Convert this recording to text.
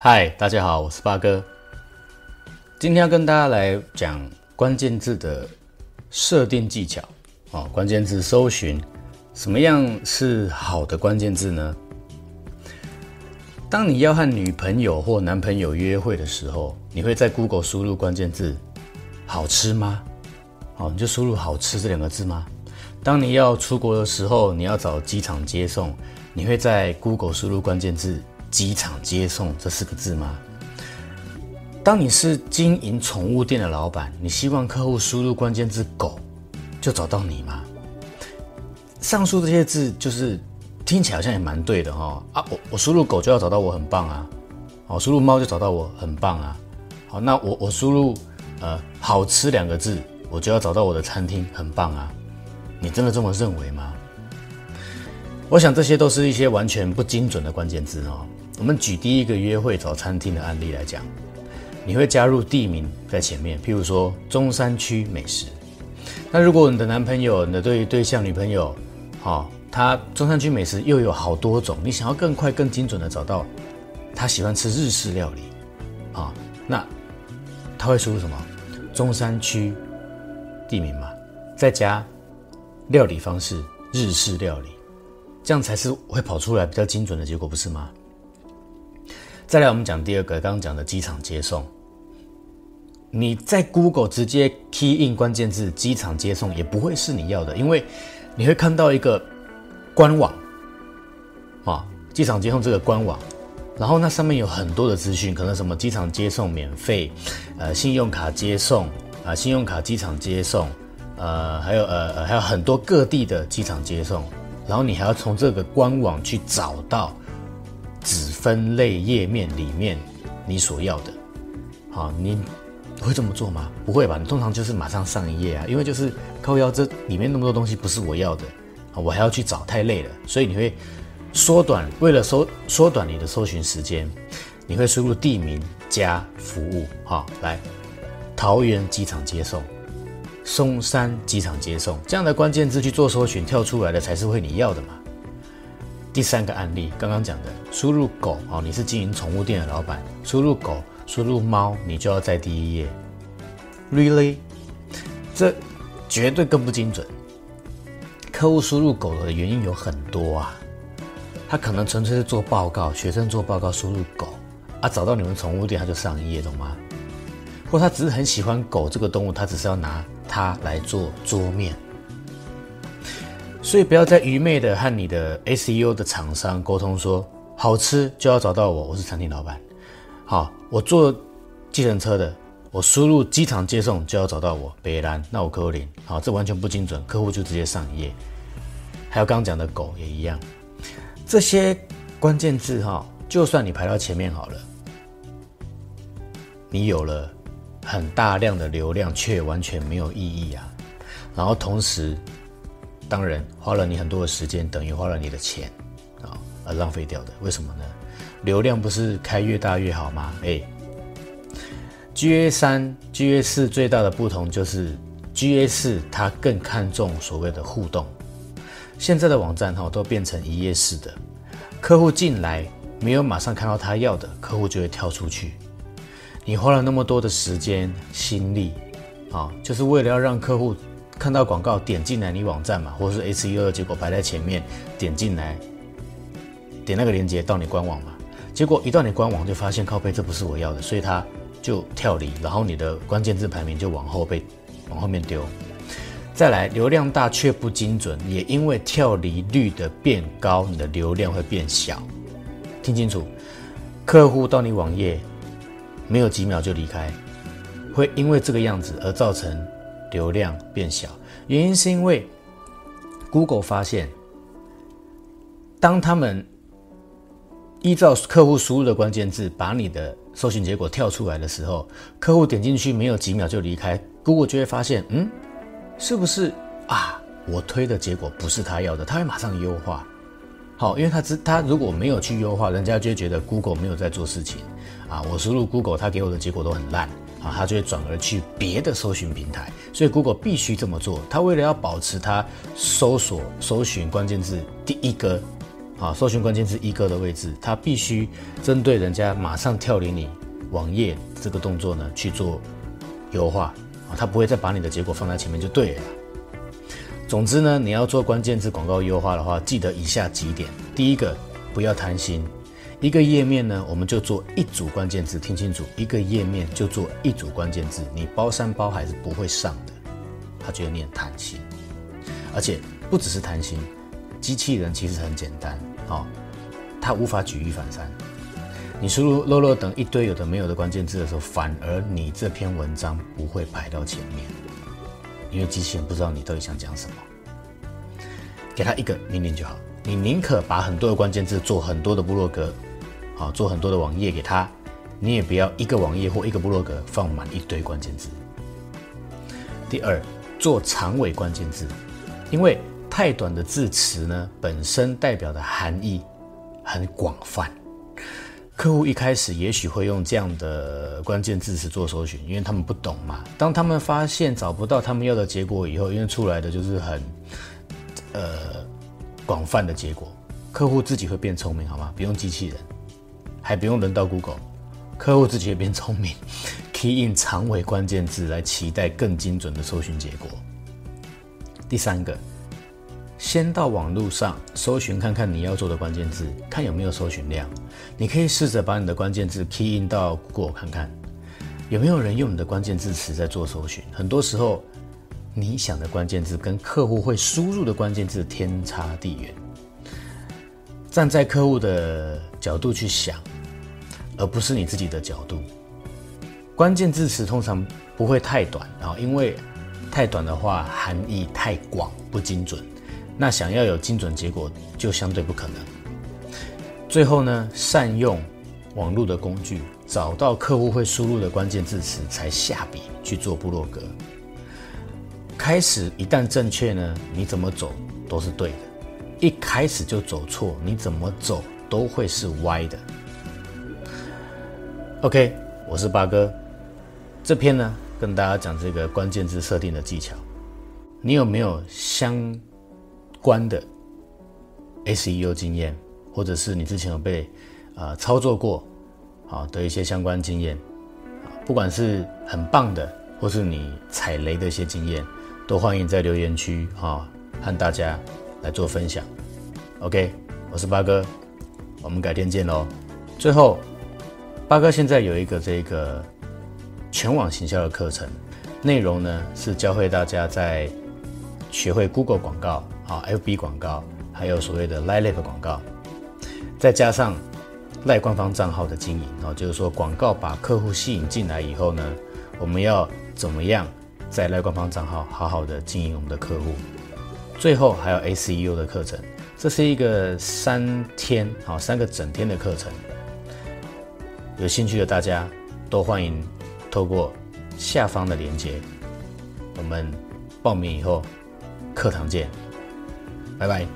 嗨，Hi, 大家好，我是巴哥。今天要跟大家來講關鍵字的設定技巧哦。關鍵字搜尋，什麼樣是好的關鍵字呢？當你要和女朋友或男朋友約會的時候，你會在 Google 輸入關鍵字“好吃”嗎？哦，你就輸入“好吃”這兩個字嗎？當你要出國的時候，你要找機場接送，你會在 Google 輸入關鍵字？機場接送這四個字嗎？當你是經營寵物店的老闆，你希望客戶輸入關鍵字“狗”就找到你嗎？上述這些字就是聽起來好像也蠻對的哦。啊！我我輸入“狗”就要找到我很棒啊！哦，輸入“貓”就找到我很棒啊！好，那我我輸入呃“好吃”兩個字，我就要找到我的餐廳很棒啊！你真的這麼認為嗎？我想這些都是一些完全不精準的關鍵字哦。我們舉第一個約會找餐廳的案例來講，你會加入地名在前面，譬如說中山區美食。那如果你的男朋友、你的對對象、女朋友，好，他中山區美食又有好多種，你想要更快、更精準的找到他喜歡吃日式料理，啊，那他會輸入什麼？中山區地名嘛，再加料理方式日式料理。這樣才是會跑出來比較精準的結果，不是嗎？再來，我們講第二個，剛剛講的機場接送。你在 Google 直接 key in 關鍵字“機場接送”也不會是你要的，因為你會看到一個官網啊，哦，機場接送這個官網，然後那上面有很多的資訊，可能什麼機場接送免費，呃，信用卡接送啊，呃，信用卡機場接送，呃，還有呃，還有很多各地的機場接送。然後你還要從這個官網去找到子分類頁面裡面你所要的，好，你會這麼做嗎？不會吧？你通常就是馬上上一頁啊，因為就是靠腰這裡面那麼多東西不是我要的啊，我還要去找，太累了，所以你會縮短，為了縮縮短你的搜尋時間，你會輸入地名加服務，好，來桃園機場接送。松山機場接送這樣的關鍵字去做搜尋，跳出來的才是會你要的嘛。第三個案例，剛剛講的，輸入狗哦，你是經營寵物店的老板，輸入狗，輸入貓，你就要在第一頁。Really，這絕對更不精準。客戶輸入狗的原因有很多啊，他可能純粹是做報告，學生做報告輸入狗啊，找到你們寵物店他就上一頁，懂嗎？或他只是很喜歡狗這個動物，他只是要拿它來做桌面。所以不要再愚昧的和你的 SEO 的廠商溝通說，說好吃就要找到我，我是餐廳老板。好，我坐計程車的，我輸入機場接送就要找到我北蘭，那我 Q 零。好，這完全不精準，客戶就直接上頁。還有剛講的狗也一樣，這些關鍵字哈，就算你排到前面好了，你有了。很大量的流量卻完全沒有意義啊，然後同時，當然花了你很多的時間，等於花了你的錢啊，而浪費掉的。為什麼呢？流量不是開越大越好嗎？哎，GA3、GA4 最大的不同就是 GA4，它更看重所謂的互動。現在的網站哈都變成一頁式的，客戶進來沒有馬上看到他要的，客戶就會跳出去。你花了那麼多的時間心力，啊，就是為了要讓客戶看到廣告點進來你網站嘛，或是 SEO，結果擺在前面，點進來，點那個鏈接到你官網嘛，結果一到你官網就發現靠背這不是我要的，所以他就跳離，然後你的關鍵字排名就往後被往後面丟。再來，流量大卻不精準，也因為跳離率的變高，你的流量會變小。聽清楚，客戶到你網頁。沒有幾秒就離開，會因為這個樣子而造成流量變小。原因是因為 Google 發現，當他們依照客戶輸入的關鍵字，把你的搜尋結果跳出來的時候，客戶點進去沒有幾秒就離開，Google 就會發現，嗯，是不是啊？我推的結果不是他要的，他會馬上優化。好，因為他知他如果沒有去優化，人家就會覺得 Google 沒有在做事情。啊，我輸入 Google，它給我的結果都很爛，啊，它就會轉而去別的搜尋平台，所以 Google 必須這麼做。它為了要保持它搜索搜尋關鍵字第一個，啊，搜尋關鍵字一個的位置，它必須針對人家馬上跳離你網頁這個動作呢去做優化，啊，他不會再把你的結果放在前面就對了。總之呢，你要做關鍵字廣告優化的話，記得以下幾點：第一個，不要貪心。一個頁面呢，我們就做一組關鍵字，聽清楚，一個頁面就做一組關鍵字。你包山包海是不會上的，他覺得你很貪心，而且不只是貪心，機器人其實很簡單，哦，他無法舉一反三。你輸入“漏漏”等一堆有的沒有的關鍵字的時候，反而你這篇文章不會排到前面，因為機器人不知道你到底想講什麼，給他一個命令就好。你寧可把很多的關鍵字做很多的部落格。啊，做很多的網頁給他，你也不要一個網頁或一個部落格放滿一堆關鍵字。第二，做長尾關鍵字，因為太短的字詞呢，本身代表的含義很廣泛。客戶一開始也許會用這樣的關鍵字詞做搜尋，因為他們不懂嘛。當他們發現找不到他們要的結果以後，因為出來的就是很呃廣泛的結果，客戶自己會變聰明，好嗎？不用機器人。還不用輪到 Google，客戶自己也變聰明，Key in 長尾關鍵字來期待更精準的搜尋結果。第三個，先到網絡上搜尋看看你要做的關鍵字，看有沒有搜尋量。你可以試着把你的關鍵字 Key in 到 Google 看看，有沒有人用你的關鍵字詞在做搜尋。很多時候，你想的關鍵字跟客戶會輸入的關鍵字天差地遠。站在客戶的角度去想。而不是你自己的角度。關鍵字詞通常不會太短，啊，因為太短的話，含義太廣，不精準。那想要有精準結果，就相對不可能。最後呢，善用網絡的工具，找到客戶會輸入的關鍵字詞，才下筆去做部落格。開始一旦正確呢，你怎麼走都是對的。一開始就走錯，你怎麼走都會是歪的。OK，我是巴哥，這篇呢跟大家講這個關鍵字設定的技巧。你有沒有相關的 SEO 經驗，或者是你之前有被啊、呃、操作過啊、哦、的一些相關經驗，不管是很棒的，或是你踩雷的一些經驗，都歡迎在留言區啊、哦、和大家來做分享。OK，我是巴哥，我們改天見嘍。最後。巴哥現在有一個這個全網行銷的課程，內容呢是教會大家在學會 Google 廣告啊、FB 廣告，還有所謂的 Live 廣告，再加上賴官方賬號的經營啊，就是說廣告把客戶吸引進來以後呢，我們要怎麼樣在賴官方賬號好好的經營我們的客戶？最後還有 SEO 的課程，這是一個三天啊三個整天的課程。有興趣的大家，都歡迎透過下方的連結，我們報名以後，課堂見，拜拜。